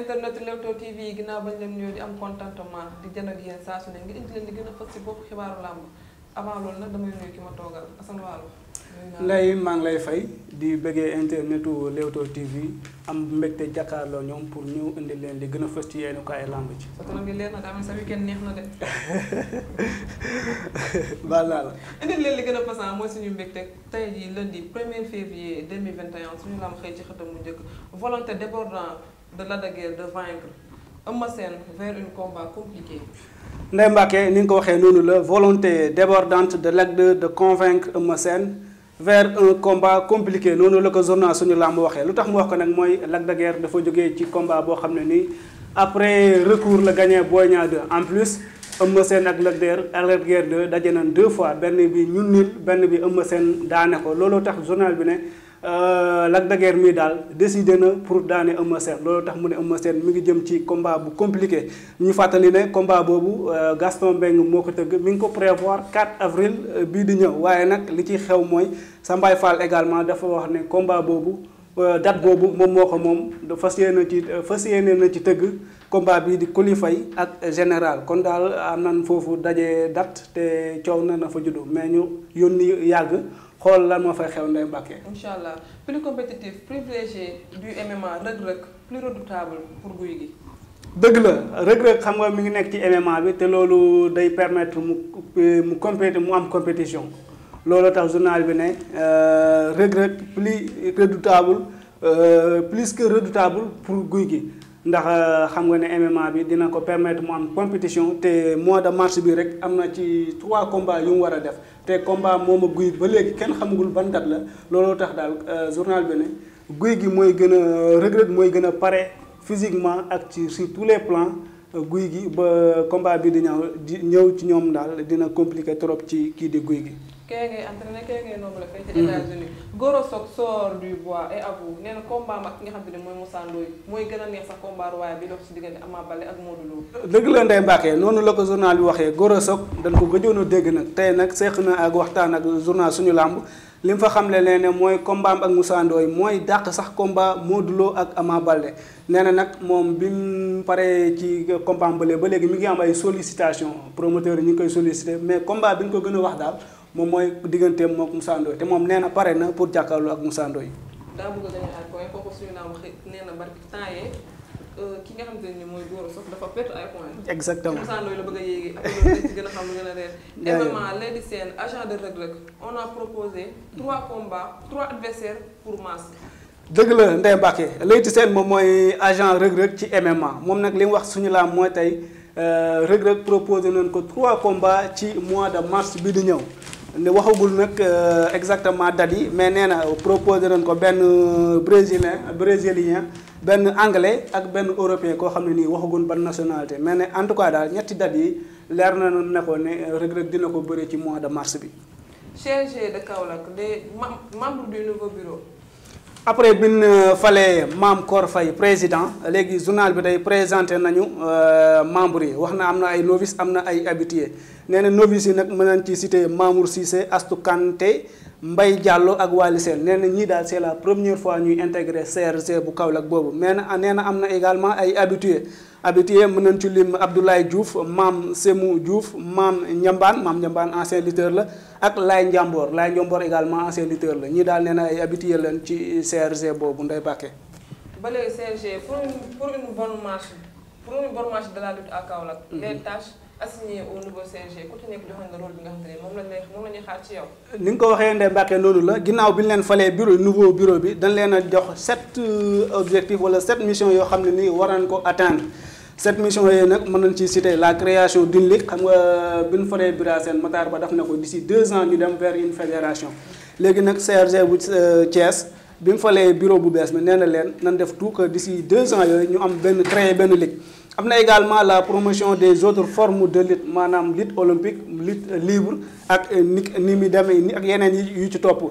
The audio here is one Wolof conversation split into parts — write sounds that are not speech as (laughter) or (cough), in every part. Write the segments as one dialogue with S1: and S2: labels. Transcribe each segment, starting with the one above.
S1: internet Leewtoo TV yi ginnaaw bañ leen nuyoo di am contentement di jën ak yéen saa su ne ngir indi leen di gën a fës si bopp xibaaru làmb avant loolu nag damay nuyu ki ma toogal Assane Waalo nday
S2: maa ngi lay fay di bëggee internet internetu Leewtoo TV am mbégte jàkkaarloo ñoom pour ñu indi leen li gën a fës ci yéenukaayu làmb ji. sa
S1: kanam bi leer na daa
S2: mel (laughs) la. leen li gën a fës ah,
S1: mooy suñu mbégte tey jii lundi 1er février 2021 suñu làmb xëy ci xëtam mu njëkk volonté débordant de Lac de Guiers de vaincre Eumeu Sène vers un combat
S2: ni nga ko waxee noonu la volonté débordante de Lac de de convaincre Eumeu Sène. vers un combat compliqué noonu la ko journal suñu laa làmb waxee lu tax mu wax ko nag mooy Lac de Guiers dafa jógee ci combat boo xam ne nii après recours la gagné Boy Niang en plus Eumeu seen ak Lac de Guiers de daje na deux fois benn bi ñun nil benn bi Eumeu Sène daane ko looloo tax journal bi ne Euh, Lac de Guiers mii daal décidé na pour daane Eumeu Sène loolu tax mu ne Eumeu Sène mu ngi jëm ci komba bu compliqué ñu fàttali ne combat boobu euh, Gaston Mbengue moo ko tëgg mi ngi ko prévoir 4 avril euh, bii di ñëw waaye nag li ci xew mooy Sambaay Fall également dafa wax ne combat boobu date boobu moom moo ko moom fas yéene ci fas yéene na ci tëgg combat bii di Coly Faye ak général kon daal am nan foofu daje date te coow na na fa juddu mais ñu yónni yàgg xool lan moo fa xew Ndeye Mbacké.
S1: incha allah plus compétitif privilégié du MMA Reug Reug plus redoutable pour Gouye Gui.
S2: dëgg la Reug Reug xam nga mi ngi nekk ci MMA bi te loolu day permettre mu mu compété mu am compétition loolu tax journal bi ne euh, Reug Reug plus redoutable euh, plus que redoutable pour guy gi ndax euh, xam nga ne MMA bi dina ko permettre mu am compétition te mois de mars bi rek am na ci trois combats yu mu war a def. te combat moom a guy ba léegi kenn xamagul ban la looloo tax daal euh, journal bi ne guy gi mooy gën a Reug Reug mooy gën a pare physiquement ak ci sur tous les plans euh, guy gi ba combat bi di ñëw di ñëw ci ñoom daal dina compliqué trop ci kii di guy gi.
S1: kee a entraîné kee ngay noble fay ci mhm. États-Unis Goro Sock sort du bois et mooy Moussa Ndoye mooy gën a neex bi dox ci diggante Ama Baldé ak Modou Lô
S2: dëgg la noonu la ko journal bi waxee Goro Sock dañ ko gëjoon dégg nag tey nag seex na ak waxtaan ak journal suñu làmb li mu fa xamle nee ne mooy combat ak Moussa Ndoye mooy dàq sax combat Modou Lô ak Ama Baldé nee nag moom bi mu paree ci combat am ba léegi mi ngi am ay sollicitation promoteur yi ñu koy sollicité mais combat bi nga ko gën a wax daal moom mooy digganteem moom Moussa Ndoye te moom nee na pare na pour jàkkaarloo ak Moussa Ndoye.
S1: daa bëgg a ay points kooku suñu naan waxee nee na barki temps euh, ki nga xamante ne mooy Gora Sock dafa perte ay points. la bëgg a yéegi ak loolu xam lu gën a leer. également Lady agent de Reug Reug on a proposé trois combats pour Mass.
S2: dëgg la Ndeye Mbacke moom mooy agent Reug ci MMA moom nag li wax suñu laam mooy tey euh, Reug Reug proposé nañ ko trois combats ci mois de mars bi di ñëw. ne waxagul nag euh, exactement date yi mais nee na proposé nañ ko benn brésilien brésilien benn anglais ak benn européen koo xam ne nii waxagul ban nationalité mais ne en tout cas daal ñetti date yi leer na ne ko ne Reug Reug dina ko bëri ci mois de mars bi.
S1: CNG de Kaolack des membres du nouveau bureau.
S2: après bin euh, falee Mame Kor fay président léegi journal bi dey présenté nañu euh, membre yi wax na am na ay novice am na ay habitué nee na novice yi nag mën nañ ci cité Mamour ci Astou Kanté mbay Diallo ak Waly Sène nee na ñii daal c'est la première fois ñuy intégré CRG bu Kaolack boobu mais na nee na am na également ay habitués habitués mën nañ ci limb Abdoulaye Diouf Maam Semou Diouf Maam Njambaan Maam Njambaan ancien lutteur la ak laay Njambor Laye Njambor également ancien lutteur la ñii daal nee na ay habitués lañ ci CRG boobu Ndeye Bakke.
S1: ba léegi CRG pour une pour une pour une bonne marche de la lutte à Kaolack. les mm-hmm. tâches. assigné au nouveau CNG ku la ñuy yow.
S2: ni nga ko waxee Ndeye Mbacke loolu la ginnaaw bi ñu leen falee bureau nouveau bureau bi dañ leen a jox sept euh, objectifs wala sept mission yoo xam ne nii war nañ ko atteindre. cette mission yooyu nag mën nañ ci citer la création d'une xam nga euh, bi ñu faree Bira Sène Matar Ba def na ko si deux ans ñu dem vers une fédération léegi nag CRG bu euh, Thiès bi nu falee bureau bu bees ma nee na leen nan def tout que si deux ans yooyu ñu am benn créer benn ligue. am na également la promotion des autres formes de lutte maanaam lutte olympique lit libre ak ni ni mu demee ni ak yeneen yi yu ci topp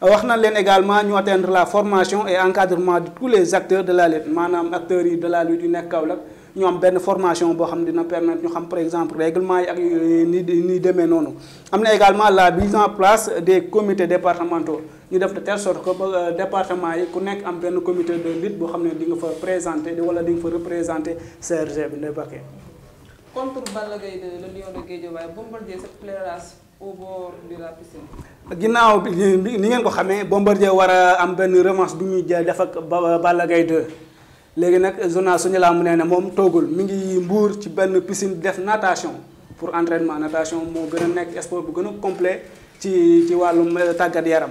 S2: wax na leen également ñu atteindre la formation e encadrement de tous les acteurs de la lutte maanaam acteurs yi de la lutte yu nekk Kaolack ñu am benn formation boo xam ne dina permettre ñu xam par exemple règlement yi ak ni ni demee noonu am na également la mise en place de comités départementaux ñu def de telle ko que euh, département yi ku nekk am benn comité de lutte boo xam ne di nga fa présenter wala di nga fa représenter CRG bi le Bakel.
S1: contre Balla Gaye le lion de Guédiawaye Bombardier s'éclairage au bord de la piscine.
S2: ginnaaw bi ni ngeen ko xamee Bombardier war a am benn revanche bu ñuy def ak Balla Gaye 2. léegi nag journal suñu làmb nee na moom toogul mi ngi mbuur ci benn piscine def natation pour entraînement natation moo gën a nekk sport bu gën a complet ci ci wàllum euh, tàggat yaram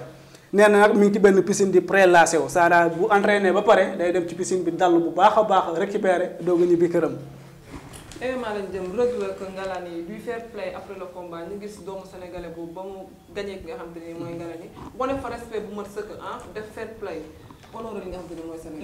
S2: nee na nag mi ngi ci benn piscine di prélasé wu saa daal bu entraîné ba pare day dem ci piscine bi dall bu baax a baax récupéré doog a ñibbi këram.
S1: événement eh, lañ jëm Reug Reug Ngalani du fair play après le combat ñu gis doomu sénégalais boobu ba mu gagné nga xam te ne mooy Ngalani wane fa respect bu mat sëkk ah def fair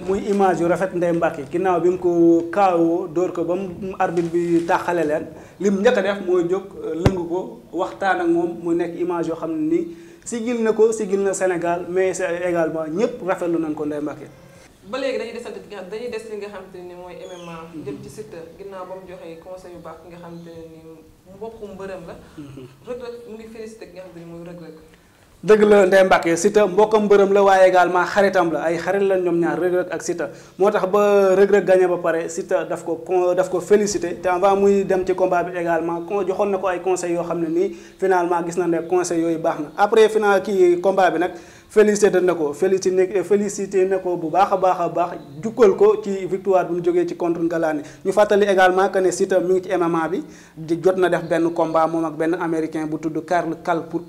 S1: muy image
S2: yu rafet Ndeye Mbacke ginnaaw bi mu ko kaawoo dóor ko ba mu arbitre bi tàqale leen lim njëkk a def mooy jóg euh, lëngu ko waxtaan ak moom mu nekk image yoo xam ne nii sigil na ko si sigil na Sénégal mais également ñëpp rafetlu nañ ko nday Mbacke.
S1: ba léegi dañuy desante dañuy des li nga xamante ne mooy MMA. jëm ci Siteu ginnaaw ba mu joxee conseil yu baax nga xam ne nii mbokku mbërëm la. Mhm. Reug Reug mu ngi félicité ki nga ne mooy
S2: dëgg la Ndeye Mbacke Siteu mbokkam mbërëm la waaye également xaritam la ay xarit la ñoom ñaar Reug Reug ak Siteu moo tax ba Reug Reug ba pare Siteu daf ko ko daf ko félicité te avant muy dem ci combat bi également joxoon na ko ay conseil yoo xam ne nii finalement gis na ne conseils yooyu baax na après final kii combat bi nag. félicité na ko félicité félicité na ko bu baax a baax a baax jukkal ko ci victoire bi mu jógee ci contre Ngalani ñu fàttali également que ne Siteu mi ngi ci MMA bi di jot na def benn combat moom ak benn américain bu tudd Karl Kal pour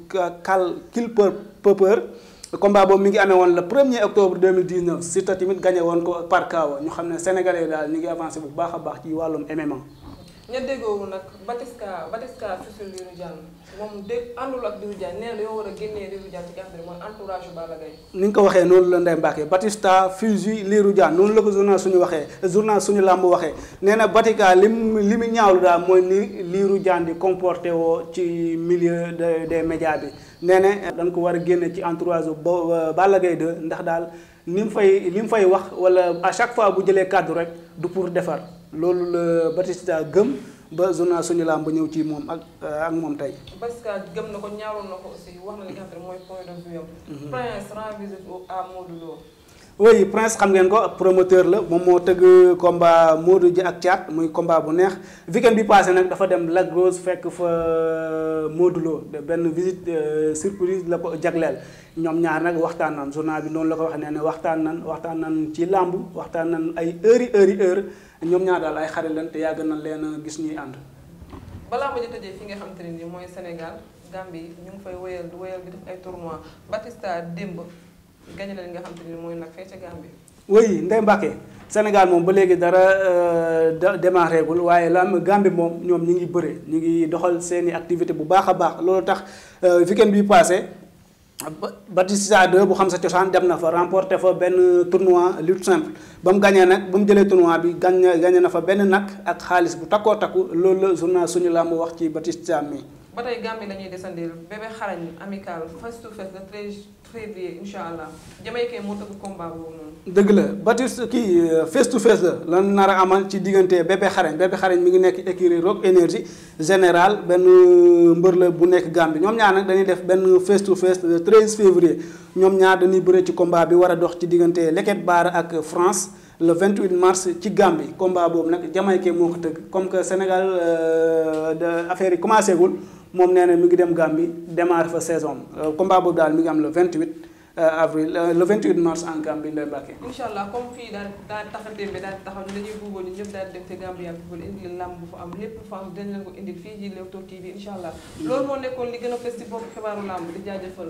S2: Kal Kilper Pepper combat boobu mi ngi amee woon le 1er octobre 2019 Siteu tamit gagné woon ko par KO ñu xam ne sénégalais daal ñu ngi avancé bu baax a baax ci wàllum MMA.
S1: ña déggoowul nag Batista Batista fësul ni nga
S2: ko waxee noonu la Mbacke Batista fusil Lirou Diane noonu la ko journal suñu waxee journal suñu làmb waxee nee na Batika li mu li mu ñaawlu daal mooy ni Lirou Diane di comporté woo ci milieu de des médias bi nee na dañ ko war a génne ci entourage ba Balla Gaye 2 ndax daal li mu fay li mu fay wax wala à chaque fois bu jëlee kàddu rek du pour defar loolu la Batista gëm ba journal suñu làmb ñëw ci moom ak ak moom tey.
S1: Batista gëm na ko ñaaroon na ko aussi wax na li nga xam mooy point de
S2: vue am. Mhm.
S1: Prince rendu visite à Modou Lo.
S2: oui Prince xam ngeen ko promoteur la moom moo tëgg combat Modou Dia ak Thiat muy combat bu neex weekend bi passé nag dafa dem Lac Rose fekk fa euh, Modou Lo benn visite euh, surprise la ko jagleel ñoom ñaar nag waxtaan nan journal bi noonu la ko wax nee ne waxtaan nan waxtaan nan ci làmb waxtaan nan ay heures heures yi ñoom ñaar daal ay xarit lañ te yàgg nañ leen a gis ñuy ànd.
S1: balaa ma ñu tëjee fi nga xam te ne nii mooy Sénégal Gambie ñu ngi fay wéyal wéyal bi def ay tournois Batista démb. gañe leen nga xam te ni mooy nag fee ca Gambie.
S2: oui Ndeye Mbacke Sénégal moom ba léegi dara euh, démarré gul waaye lam Gambie moom ñoom ñi ngi bëre ñi ngi doxal seeni activité bu baax a baax loolu tax euh, weekend bi passé Batista 2 bu xam sa cosaan dem na fa remporté fa benn tournoi lutte simple ba mu gagné nag ba mu jëlee tournoi bi gagné gagné na fa benn nag ak xaalis bu takkoo takku loolu la journal suñu làmb wax ci Batista mi.
S1: ba tey Gambie la ñuy desandeel bébé xarañ amical face to face le treize février incha allah jamaïcain moo tëgg combat boobu noonu.
S2: dëgg la Batiste kii euh, face to face la lan nar a amal ci diggante bébé xarañ bébé xarañ mi ngi nekk écurie Rock Énergie général benn euh, mbër la bu nekk Gambie ñoom ñaar nag dañuy def benn face to face le treize février ñoom ñaar dañuy bëre ci combat bi war a dox ci diggante Leket baar ak France. le 28 mars ci Gambie combat boobu nag Jamaïque moo ko tëgg comme que Sénégal euh, affaire yi commencé gul moom nee na mi ngi dem Gambie démarré fa saison euh, combat boobu daal mi ngi am le 28 euh, avril le 28 mars en Gambie Ndeye Mbacké. incha
S1: allah comme fii daan daan tax a demee daan taxaw ñu dañuy bëggoon ñu ñëpp daan dem te Gambie yaa bëggoon indi leen làmb bu fa am lépp fan dañ leen ko indil fii ji Leewtoo TV incha allah. Mm. loolu moo nekkoon li gën a fës ci bopp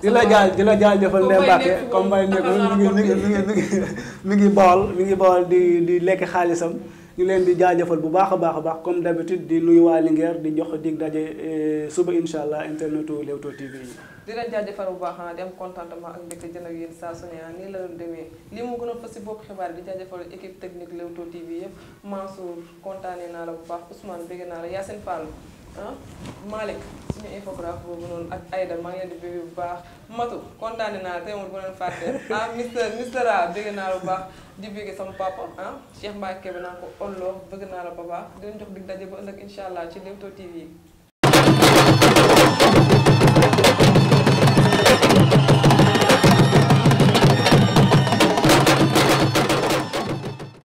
S2: di la jaal di la jaal jëfal ne Mbacke comme mbay nekk mi ngi mi ngi mi ngi mi ngi bawal mi ngi bawal di di lekk xaalisam ñu leen di jaajëfal bu baax a baax baax comme d'habitude di nuyu waa Linguère di jox dig daje eh, suba incha allah internetu Leewtoo TV yi.
S1: di leen jaajëfal bu baax ah, di am contentement ak mbégte jën ak yéen saa su ne ah, nii la doon demee lii moo gënoon fas si bopp xibaar di jaajëfal équipe technique Leewtoo TV yëpp Mansour kontaanee naa la bu baax Ousmane bëgg naa la Yacine Fall. Ah, Malick suñu infographe boobu noonu ak Aïda maa ngi leen di bëgg bu baax Matou kontaane naa tey moom bu leen fàtte ah mister mister bëgg naa la bu baax di bëgg sama papa ah Cheikh Mbacke bi naa ko olloo bëgg naa la ba baax di leen jox dig daje ba ëllëg incha allah ci Leewtoo yi